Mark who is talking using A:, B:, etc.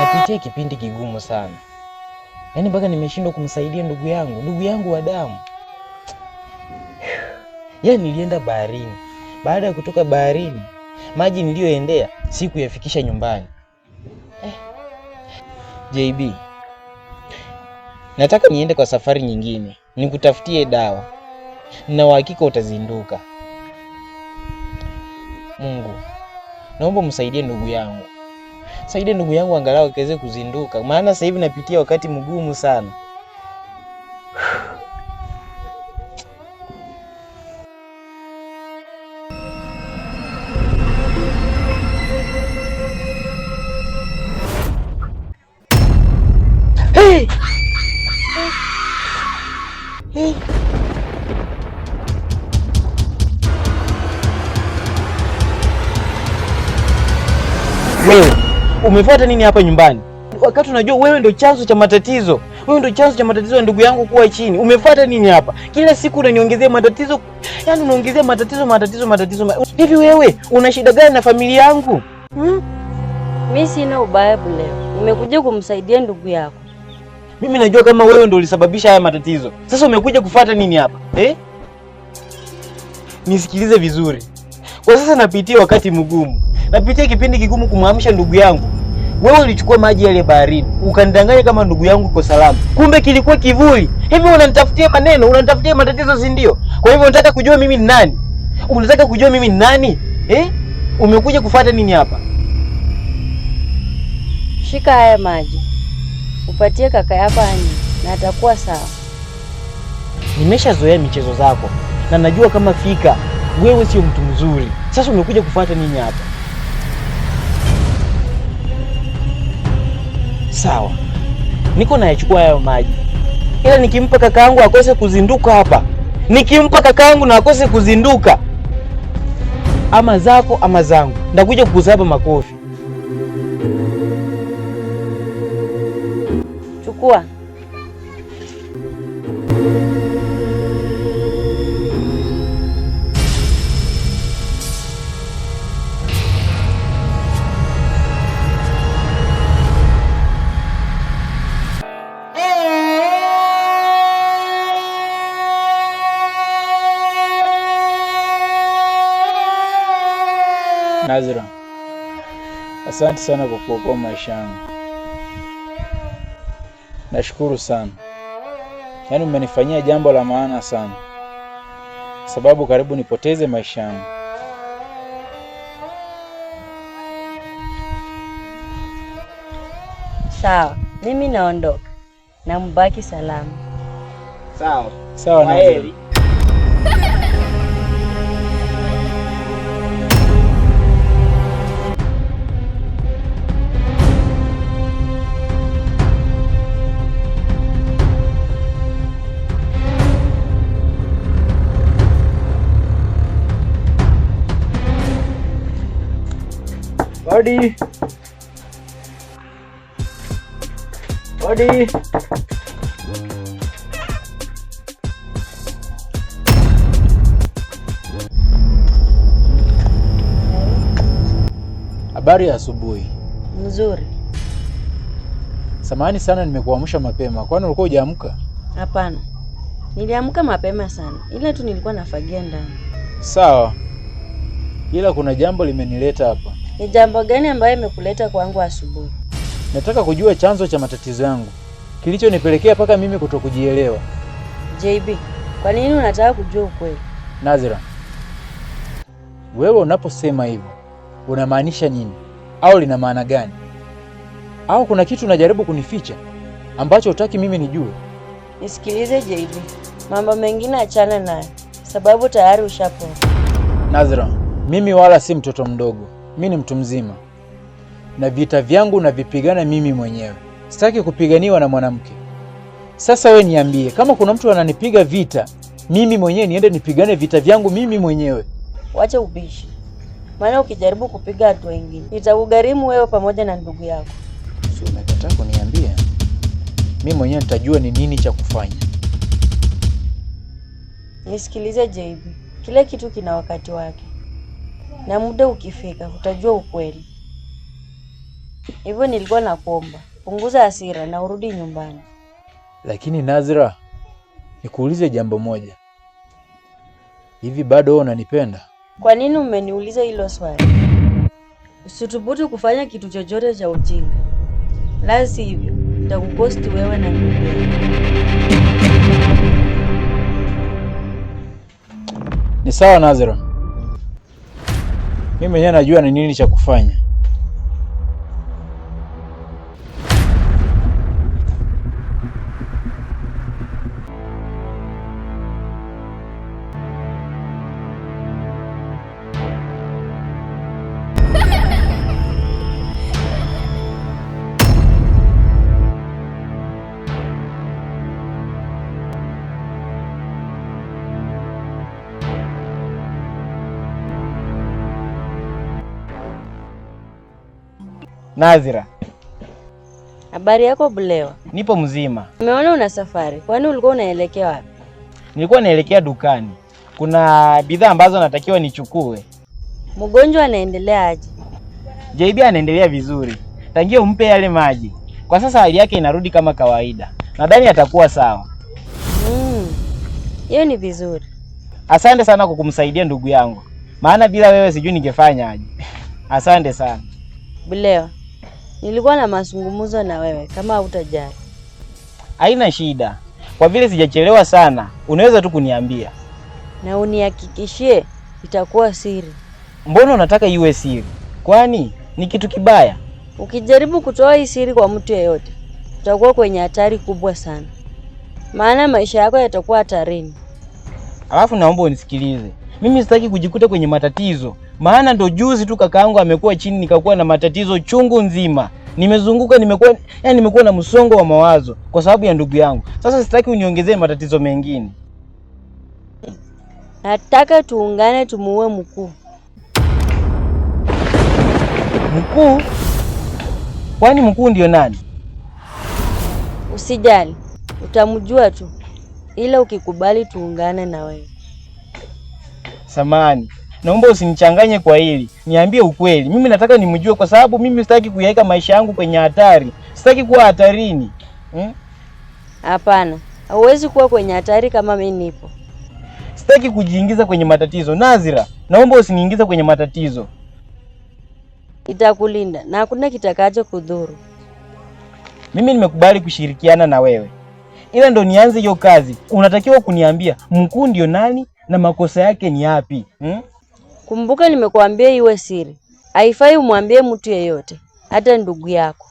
A: napitia kipindi kigumu sana, yaani mpaka nimeshindwa kumsaidia ndugu yangu, ndugu yangu wa damu. Yaani nilienda baharini, baada ya kutoka baharini maji niliyoendea sikuyafikisha nyumbani. Eh, JB, nataka niende kwa safari nyingine nikutafutie dawa, na uhakika utazinduka. Mungu, naomba msaidie ndugu yangu. Msaidie ndugu yangu angalau akaweze kuzinduka, maana sasa hivi napitia wakati mgumu sana. Hey! Hey! Hey! umefuata nini hapa nyumbani, wakati unajua wewe ndio chanzo cha matatizo? Wewe ndio chanzo cha matatizo ya ndugu yangu kuwa chini. Umefuata nini hapa? Kila siku unaniongezea matatizo, yaani unaongezea matatizo, matatizo, matatizo. Hivi wewe una shida gani na familia yangu hmm?
B: Mimi sina ubaya bure, nimekuja kumsaidia ndugu yako.
A: Mimi najua kama wewe ndio ulisababisha haya matatizo, sasa umekuja kufuata nini hapa eh? Nisikilize vizuri, kwa sasa napitia wakati mgumu Napitia kipindi kigumu kumwamsha ndugu yangu. Wewe ulichukua maji yale baharini, ukanidanganya kama ndugu yangu uko salama, kumbe kilikuwa kivuli. Hivi unanitafutia maneno, unanitafutia matatizo, si ndio? Kwa hivyo unataka kujua mimi ni nani? Unataka kujua mimi ni nani eh? Umekuja kufuata nini hapa?
B: Shika haya maji upatie kaka yako ani, na atakuwa sawa.
A: Nimeshazoea michezo zako na najua kama fika, wewe sio mtu mzuri. Sasa umekuja kufuata nini hapa? sawa, niko nayachukua hayo maji, ila nikimpa kakaangu akose kuzinduka hapa, nikimpa kakaangu na akose kuzinduka, ama zako ama zangu, ndakuja kukusaba makofi. Chukua. Nazra, asante sana kwa kuokoa maisha yangu, nashukuru sana. Yaani umenifanyia jambo la maana sana, sababu karibu nipoteze maisha yangu.
B: Sawa, mimi naondoka, nambaki salama.
A: Sawa sawa, Nazra. Buddy. Buddy. Habari ya asubuhi. Nzuri. Samahani sana nimekuamsha mapema. Kwani ulikuwa hujaamka?
B: Hapana. Niliamka mapema sana. Ila tu nilikuwa nafagia ndani.
A: Sawa. Ila kuna jambo limenileta hapa.
B: Ni jambo gani ambayo imekuleta kwangu asubuhi?
A: Nataka kujua chanzo cha matatizo yangu kilichonipelekea mpaka mimi kutokujielewa.
B: JB, kwa nini unataka kujua ukweli?
A: Nazira, wewe unaposema hivyo unamaanisha nini au lina maana gani? Au kuna kitu unajaribu kunificha ambacho hutaki mimi nijue?
B: Nisikilize JB, mambo mengine achana nayo, sababu tayari ushapoa.
A: Nazira, mimi wala si mtoto mdogo mi ni mtu mzima na vita vyangu navipigana mimi mwenyewe, sitaki kupiganiwa na mwanamke. Sasa we niambie, kama kuna mtu ananipiga vita mimi mwenyewe, niende nipigane vita vyangu mimi mwenyewe?
B: Wacha ubishi, maana ukijaribu kupiga watu wengine nitakugharimu wewe pamoja na ndugu yako.
A: Si umekataa kuniambia? Mi mwenyewe nitajua ni nini cha kufanya.
B: Nisikilize JB, kila kitu kina wakati wake na muda ukifika utajua ukweli. Hivyo nilikuwa nakuomba punguza hasira na urudi nyumbani.
A: Lakini Nazra, nikuulize jambo moja, hivi bado wewe unanipenda?
B: Kwa nini umeniuliza hilo swali? Usithubutu kufanya kitu chochote cha ujinga, la sivyo nitakuposti wewe na
A: ni sawa, Nazra mimi mwenyewe najua ni nini cha kufanya. Nazira,
B: habari yako Bulewa?
A: Nipo mzima.
B: Nimeona una safari, kwani ulikuwa unaelekea wapi?
A: Nilikuwa naelekea dukani, kuna bidhaa ambazo natakiwa nichukue.
B: Mgonjwa anaendelea aje?
A: JB anaendelea vizuri, tangia umpe yale maji. Kwa sasa hali yake inarudi kama kawaida, nadhani atakuwa sawa.
B: Mm. Hiyo mm, ni vizuri.
A: Asante sana kwa kumsaidia ndugu yangu, maana bila wewe sijui ningefanya aje. Asante sana
B: Bulewa. Nilikuwa na mazungumzo na wewe kama hutajali.
A: Haina shida. Kwa vile sijachelewa sana, unaweza tu kuniambia
B: na unihakikishie itakuwa siri.
A: Mbona unataka iwe siri? Kwani ni kitu kibaya?
B: Ukijaribu kutoa hii siri kwa mtu yeyote, utakuwa kwenye hatari kubwa sana, maana maisha yako yatakuwa hatarini.
A: Alafu naomba unisikilize, mimi sitaki kujikuta kwenye matatizo maana ndo juzi tu kakaangu amekuwa chini, nikakuwa na matatizo chungu nzima, nimezunguka, nimekuwa yani, nimekuwa na msongo wa mawazo kwa sababu ya ndugu yangu. Sasa sitaki uniongezee matatizo mengine,
B: nataka tuungane, tumuue mkuu.
A: Mkuu? Kwani mkuu ndio nani?
B: Usijali, utamjua tu, ila ukikubali tuungane na wewe.
A: samani naomba usinichanganye kwa hili, niambie ukweli. Mimi nataka nimjue, kwa sababu mimi sitaki kuyaweka maisha yangu kwenye hatari, sitaki kuwa hatarini. Hmm?
B: Hapana, hmm? Hauwezi kuwa kwenye hatari kama mimi nipo.
A: Sitaki kujiingiza kwenye matatizo. Nazira, naomba usiniingiza kwenye matatizo.
B: Itakulinda na hakuna kitakacho kudhuru.
A: Mimi nimekubali kushirikiana na wewe, ila ndo nianze hiyo kazi, unatakiwa kuniambia mkuu ndio nani na makosa yake ni yapi hmm?
B: Kumbuka nimekuambia iwe siri, haifai umwambie mtu yeyote, hata ndugu yako.